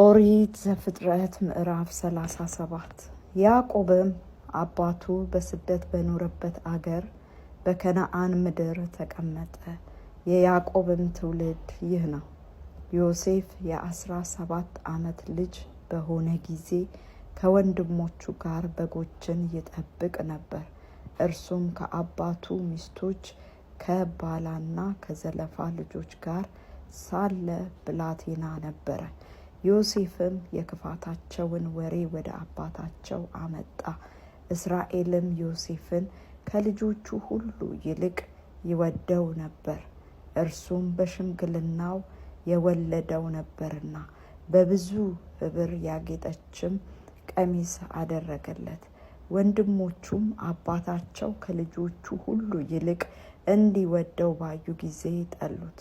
ኦሪት ዘፍጥረት ምዕራፍ 37 ያዕቆብም አባቱ በስደት በኖረበት አገር በከነአን ምድር ተቀመጠ። የያዕቆብም ትውልድ ይህ ነው። ዮሴፍ የአስራ ሰባት ዓመት ልጅ በሆነ ጊዜ ከወንድሞቹ ጋር በጎችን ይጠብቅ ነበር። እርሱም ከአባቱ ሚስቶች ከባላና ከዘለፋ ልጆች ጋር ሳለ ብላቴና ነበረ። ዮሴፍም የክፋታቸውን ወሬ ወደ አባታቸው አመጣ። እስራኤልም ዮሴፍን ከልጆቹ ሁሉ ይልቅ ይወደው ነበር፣ እርሱም በሽምግልናው የወለደው ነበርና። በብዙ ኅብር ያጌጠችም ቀሚስ አደረገለት። ወንድሞቹም አባታቸው ከልጆቹ ሁሉ ይልቅ እንዲወደው ባዩ ጊዜ ጠሉት፣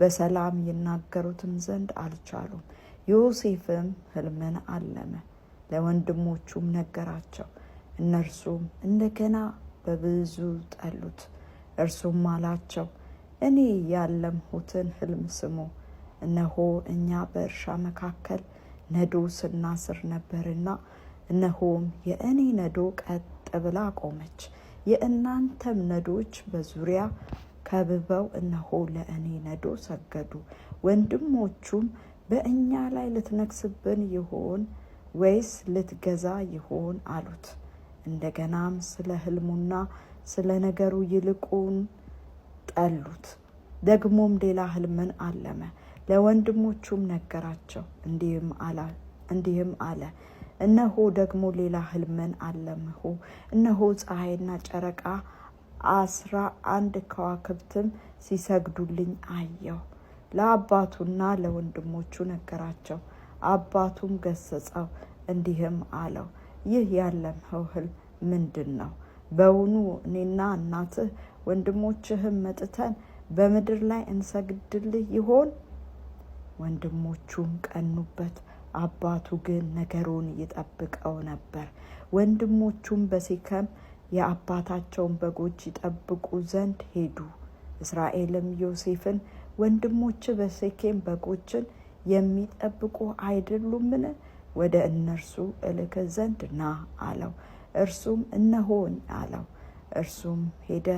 በሰላም ይናገሩትም ዘንድ አልቻሉም። ዮሴፍም ህልምን አለመ፣ ለወንድሞቹም ነገራቸው። እነርሱም እንደገና በብዙ ጠሉት። እርሱም አላቸው፣ እኔ ያለምሁትን ህልም ስሙ። እነሆ እኛ በእርሻ መካከል ነዶ ስናስር ነበርና፣ እነሆም የእኔ ነዶ ቀጥ ብላ ቆመች፣ የእናንተም ነዶች በዙሪያ ከብበው እነሆ ለእኔ ነዶ ሰገዱ። ወንድሞቹም በእኛ ላይ ልትነግስብን ይሆን ወይስ ልትገዛ ይሆን አሉት። እንደገናም ስለ ህልሙና ስለ ነገሩ ይልቁን ጠሉት። ደግሞም ሌላ ህልምን አለመ፣ ለወንድሞቹም ነገራቸው። እንዲህም አለ፣ እነሆ ደግሞ ሌላ ህልምን አለምሁ። እነሆ ፀሐይና ጨረቃ አስራ አንድ ከዋክብትም ሲሰግዱልኝ አየሁ። ለአባቱና ለወንድሞቹ ነገራቸው። አባቱም ገሰጸው እንዲህም አለው፣ ይህ ያለምኸው ሕልም ምንድን ነው? በውኑ እኔና እናትህ ወንድሞችህም መጥተን በምድር ላይ እንሰግድልህ ይሆን? ወንድሞቹም ቀኑበት። አባቱ ግን ነገሩን ይጠብቀው ነበር። ወንድሞቹም በሴከም የአባታቸውን በጎች ይጠብቁ ዘንድ ሄዱ። እስራኤልም ዮሴፍን ወንድሞች በሴኬም በጎችን የሚጠብቁ አይደሉምን? ወደ እነርሱ እልክ ዘንድ ና አለው። እርሱም እነሆን አለው። እርሱም ሄደ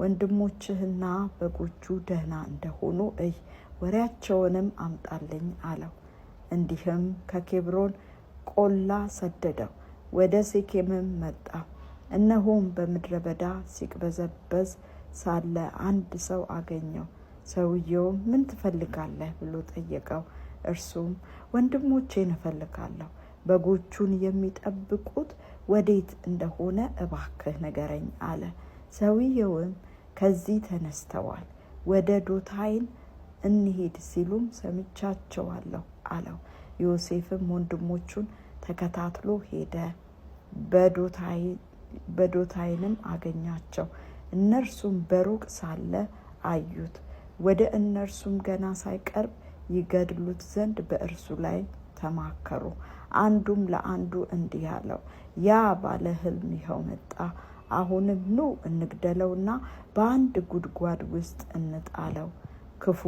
ወንድሞችህና በጎቹ ደህና እንደሆኑ እይ፣ ወሬያቸውንም አምጣልኝ አለው። እንዲህም ከኬብሮን ቆላ ሰደደው። ወደ ሴኬምም መጣ። እነሆም በምድረ በዳ ሲቅበዘበዝ ሳለ አንድ ሰው አገኘው። ሰውየው ምን ትፈልጋለህ ብሎ ጠየቀው። እርሱም ወንድሞቼን እፈልጋለሁ፣ በጎቹን የሚጠብቁት ወዴት እንደሆነ እባክህ ንገረኝ አለ። ሰውየውም ከዚህ ተነስተዋል፣ ወደ ዶታይን እንሄድ ሲሉም ሰምቻቸዋለሁ አለው። ዮሴፍም ወንድሞቹን ተከታትሎ ሄደ፣ በዶታይንም አገኛቸው። እነርሱም በሩቅ ሳለ አዩት። ወደ እነርሱም ገና ሳይቀርብ ይገድሉት ዘንድ በእርሱ ላይ ተማከሩ። አንዱም ለአንዱ እንዲህ አለው፣ ያ ባለ ህልም ይኸው መጣ። አሁንም ኑ እንግደለውና በአንድ ጉድጓድ ውስጥ እንጣለው፣ ክፉ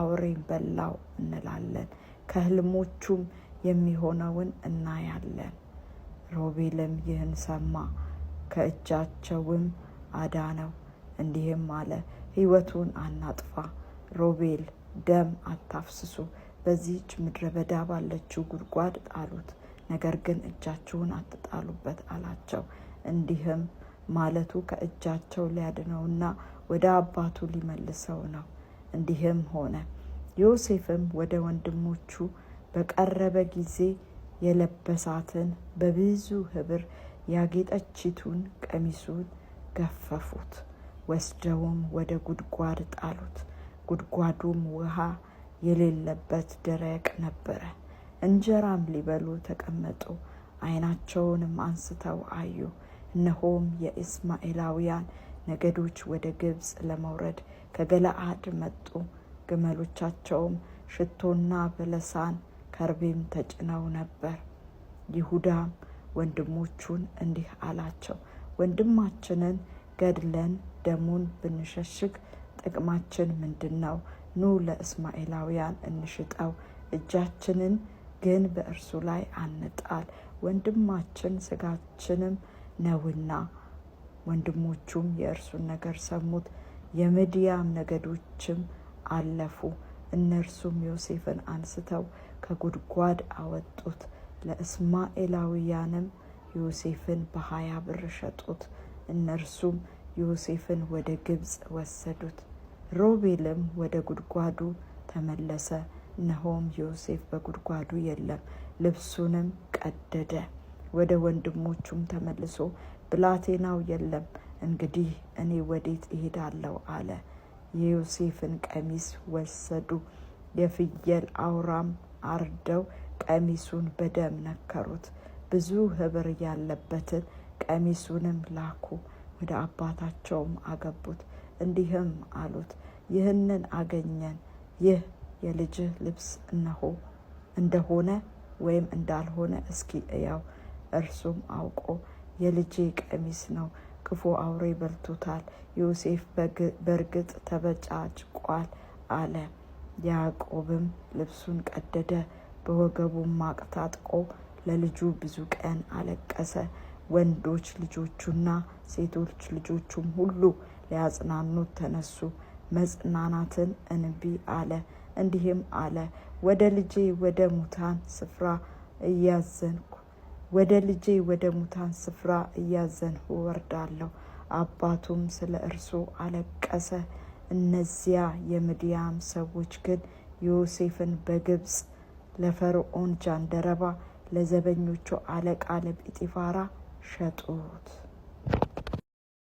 አውሬን በላው እንላለን፣ ከህልሞቹም የሚሆነውን እናያለን። ሮቤልም ይህን ሰማ፣ ከእጃቸውም አዳነው። እንዲህም አለ፣ ህይወቱን አናጥፋ፣ ሮቤል ደም አታፍስሱ። በዚህች ምድረ በዳ ባለችው ጉድጓድ ጣሉት፣ ነገር ግን እጃችሁን አትጣሉበት አላቸው። እንዲህም ማለቱ ከእጃቸው ሊያድነውና ወደ አባቱ ሊመልሰው ነው። እንዲህም ሆነ። ዮሴፍም ወደ ወንድሞቹ በቀረበ ጊዜ የለበሳትን በብዙ ህብር ያጌጠችቱን ቀሚሱን ገፈፉት። ወስደውም ወደ ጉድጓድ ጣሉት። ጉድጓዱም ውሃ የሌለበት ደረቅ ነበረ። እንጀራም ሊበሉ ተቀመጡ። ዓይናቸውንም አንስተው አዩ፣ እነሆም የእስማኤላውያን ነገዶች ወደ ግብፅ ለመውረድ ከገለአድ መጡ። ግመሎቻቸውም ሽቶና በለሳን ከርቤም ተጭነው ነበር። ይሁዳም ወንድሞቹን እንዲህ አላቸው፣ ወንድማችንን ገድለን ደሙን ብንሸሽግ ጥቅማችን ምንድን ነው? ኑ ለእስማኤላውያን እንሽጠው፣ እጃችንን ግን በእርሱ ላይ አንጣል፣ ወንድማችን ስጋችንም ነውና። ወንድሞቹም የእርሱን ነገር ሰሙት። የምድያም ነገዶችም አለፉ። እነርሱም ዮሴፍን አንስተው ከጉድጓድ አወጡት። ለእስማኤላውያንም ዮሴፍን በሀያ ብር ሸጡት። እነርሱም ዮሴፍን ወደ ግብፅ ወሰዱት። ሮቤልም ወደ ጉድጓዱ ተመለሰ። እነሆም ዮሴፍ በጉድጓዱ የለም። ልብሱንም ቀደደ። ወደ ወንድሞቹም ተመልሶ ብላቴናው የለም፣ እንግዲህ እኔ ወዴት እሄዳለሁ? አለ። የዮሴፍን ቀሚስ ወሰዱ። የፍየል አውራም አርደው ቀሚሱን በደም ነከሩት። ብዙ ኅብር ያለበትን ቀሚሱንም ላኩ። ወደ አባታቸውም አገቡት። እንዲህም አሉት፣ ይህንን አገኘን። ይህ የልጅህ ልብስ እነሆ እንደሆነ ወይም እንዳልሆነ እስኪ እያው። እርሱም አውቆ የልጄ ቀሚስ ነው፣ ክፉ አውሬ በልቶታል፣ ዮሴፍ በእርግጥ ተበጫጭቋል አለ። ያዕቆብም ልብሱን ቀደደ፣ በወገቡም ማቅ ታጥቆ ለልጁ ብዙ ቀን አለቀሰ። ወንዶች ልጆቹና ሴቶች ልጆቹም ሁሉ ሊያጽናኑት ተነሱ። መጽናናትን እንቢ አለ፣ እንዲህም አለ ወደ ልጄ ወደ ሙታን ስፍራ እያዘንኩ ወደ ልጄ ወደ ሙታን ስፍራ እያዘንሁ ወርዳለሁ። አባቱም ስለ እርሱ አለቀሰ። እነዚያ የምድያም ሰዎች ግን ዮሴፍን በግብፅ ለፈርዖን ጃንደረባ ለዘበኞቹ አለቃ ለጲጢፋራ ሸጡት።